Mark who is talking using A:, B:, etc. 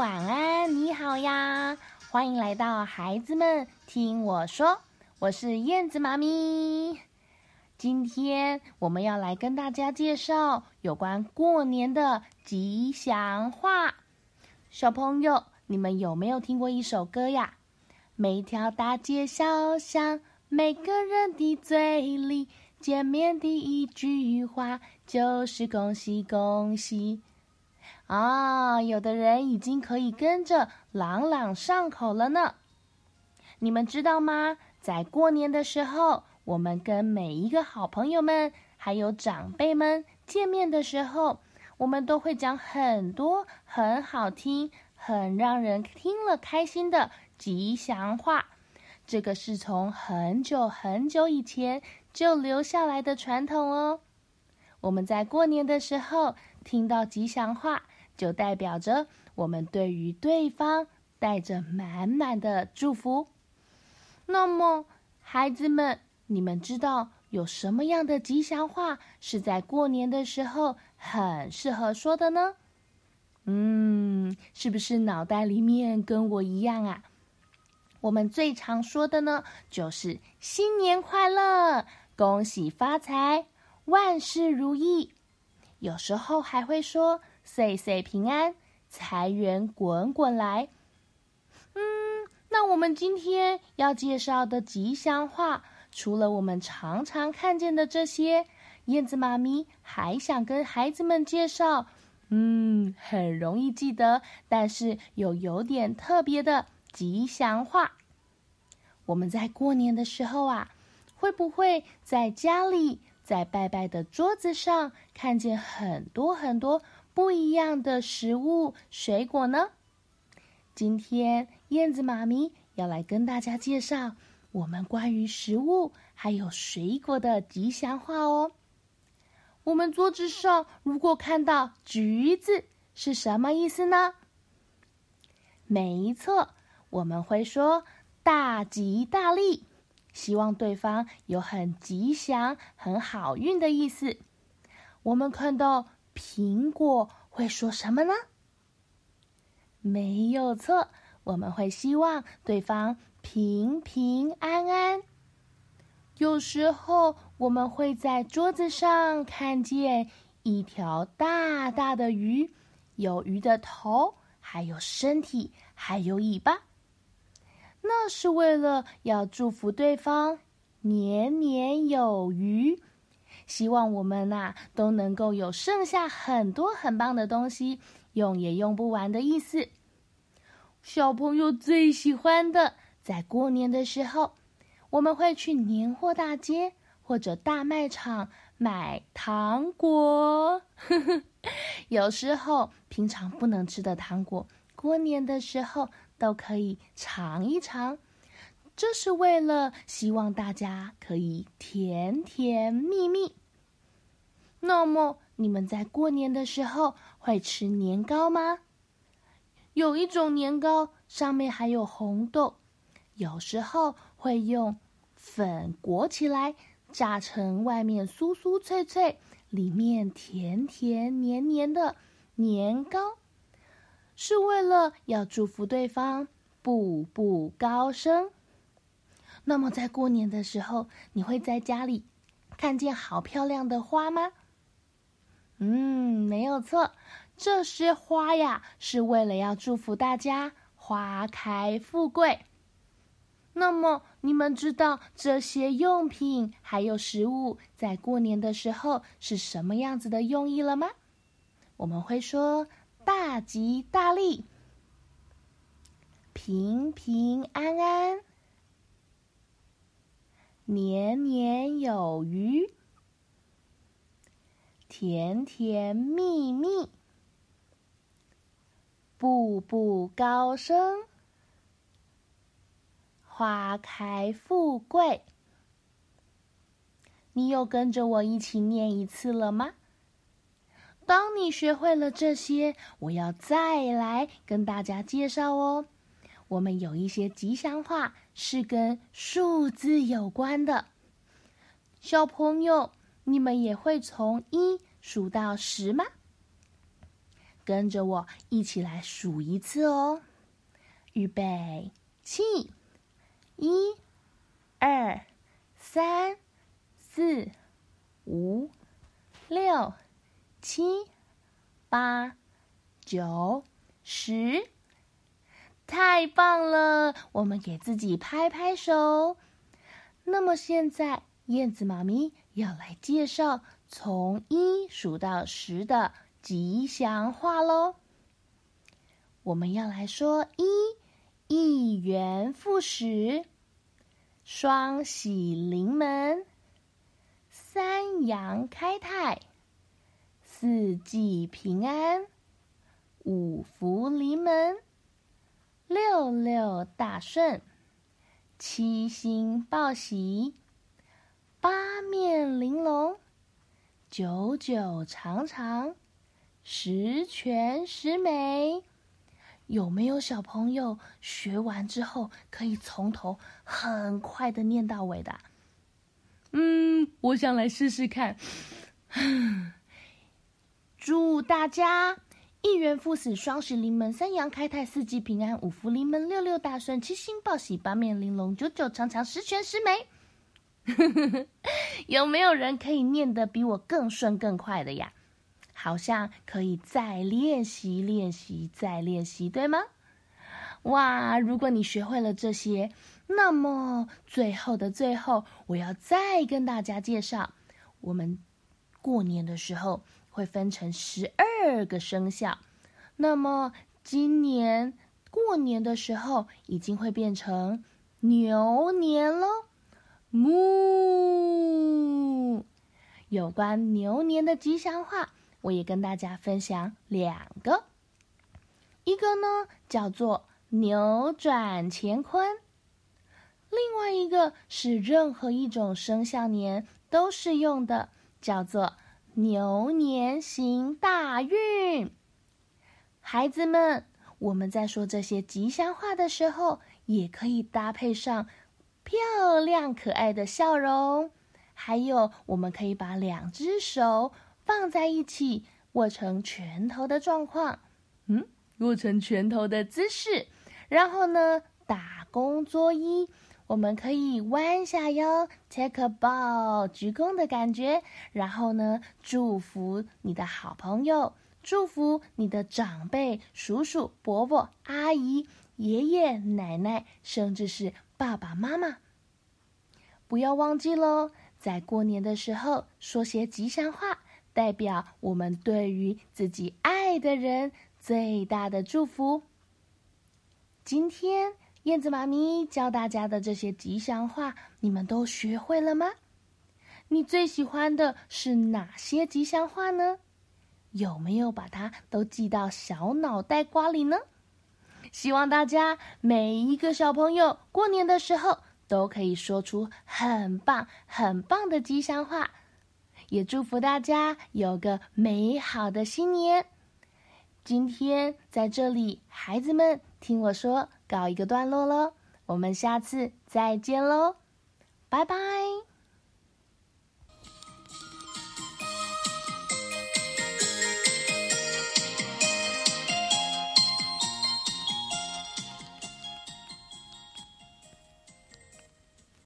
A: 晚安，你好呀，歡迎來到孩子們聽我說，我是燕子媽咪。今天我們要來跟大家介紹有關過年的吉祥話。小朋友，你們有沒有聽過一首歌呀？每一條大街小巷，每個人的嘴裡，見面第一句話就是恭喜恭喜。啊，有的人已經可以跟着朗朗上口了呢。你們知道嗎？在過年的時候，我們跟每一個好朋友們，還有長輩們見面的時候，我們都會講很多很好聽、很讓人聽了開心的吉祥話。這個是從很久很久以前就留下來的傳統哦。我們在過年的時候聽到吉祥話。就代表着我們對於對方帶着滿滿的祝福。那麼，孩子們，你們知道有什麼樣的吉祥話是在過年的時候很適合說的呢？嗯，是不是腦袋裡面跟我一樣啊？我們最常說的呢，就是“新年快樂”、“恭喜發財”、“萬事如意”，有時候還會說。歲歲平安、財源滾滾來。嗯，那我們今天要介紹的吉祥話，除了我們常常看見的這些，燕子媽咪還想跟孩子們介紹。嗯，很容易記得，但是又有，有點特別的吉祥話。我們在過年的時候啊，會不會在家裡在拜拜的桌子上看見很多很多？不一樣的食物、水果呢？今天燕子媽咪要來跟大家介紹我們關於食物還有水果的吉祥話哦。我們桌子上如果看到橘子，是什麼意思呢？沒錯，我們會說“大吉大利”，希望對方有很吉祥、很好運的意思。我們看到。蘋果會說什麼呢？沒有錯，我們會希望對方平平安安。有時候，我們會在桌子上看見一條大大的魚，有魚的頭，還有身體，還有尾巴。那是為了要祝福對方年年有餘。希望我們吶、啊、都能夠有剩下很多很棒的東西，用也用不完的意思。小朋友最喜歡的，在過年的時候，我們會去年貨大街或者大賣場買糖果。 有時候平常不能吃的糖果，過年的時候都可以嘗一嘗。這是為了希望大家可以甜甜蜜蜜。那麼，你們在過年的時候會吃年糕嗎？有一種年糕上面還有紅豆，有時候會用粉裹起來，炸成外面酥酥脆脆，裡面甜甜黏黏的年糕，是為了要祝福對方步步高升。那麼，在過年的時候，你會在家裡看見好漂亮的花嗎？嗯，沒有錯，這些花呀是為了要祝福大家花開富貴。那麼，你們知道這些用品還有食物在過年的時候是什麼樣子的用意了嗎？我們會說“大吉大利”，“平平安安”，“年年有餘”。甜甜蜜蜜、步步高升、花開富貴。你有跟着我一起念一次了嗎？當你學會了這些，我要再來跟大家介紹哦。我們有一些吉祥話是跟數字有關的，小朋友，你們也會從一。數到十嗎？跟着我一起來數一次哦！預備，起！一、二、三、四、五、六、七、八、九、十。太棒了，我們給自己拍拍手。那麼現在，燕子媽咪要來介紹。從一數到十的吉祥話嘍！我們要來說一，一元復始，雙喜臨門，三陽開泰，四季平安，五福臨門，六六大順，七星報喜，八面玲瓏。九九長長，十全十美。有沒有小朋友學完之後可以從頭很快的念到尾的？嗯，我想來試試看。 祝大家一元復始，雙喜臨門，三陽開泰，四季平安，五福臨門，六六大順，七星報喜，八面玲瓏，九九長長，十全十美。 有沒有人可以念得比我更順更快的呀？好像可以再練習練習再練習，對嗎？哇！如果你學會了這些，那麼最後的最後，我要再跟大家介紹，我們過年的時候會分成十二個生肖，那麼今年過年的時候已經會變成牛年嘍。木，有關牛年的吉祥話，我也跟大家分享兩個。一個呢叫做“牛轉乾坤”，另外一個是任何一種生肖年都適用的，叫做“牛年行大運”。孩子們，我們在說這些吉祥話的時候，也可以搭配上。漂亮可愛的笑容，還有我們可以把兩隻手放在一起，握成拳頭的狀況，嗯，握成拳頭的姿勢。然後呢，打工作揖，我們可以彎下腰，take a bow，鞠躬的感覺。然後呢，祝福你的好朋友，祝福你的長輩、叔叔、伯伯、阿姨、爺爺、奶奶，甚至是。爸爸媽媽，不要忘記嘍，在過年的時候說些吉祥話，代表我們對於自己愛的人最大的祝福。今天燕子媽咪教大家的這些吉祥話，你們都學會了嗎？你最喜歡的是哪些吉祥話呢？有沒有把它都記到小腦袋瓜裡呢？希望大家每一個小朋友過年的時候都可以說出很棒很棒的吉祥話，也祝福大家有個美好的新年。今天在這裡，孩子們聽我說，告一個段落嘍，我們下次再見嘍，拜拜。